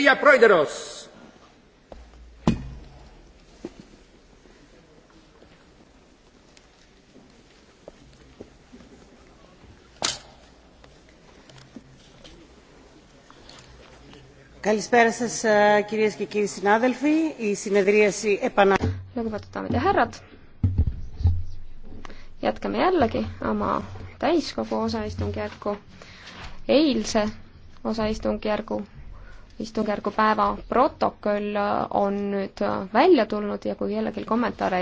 Pia Proideros. Καλησπέρα σας κυρίες και κύριοι συνάδελφοι. Η συνεδρίαση επανα... Lugupeetud daamid ja härrad, jätkame jällegi oma täiskogu osaistungjärgu, eilse osaistungjärgu istungjärgu päeva protokoll on nüüd välja tulnud ja kui kellelgi kommentaare ei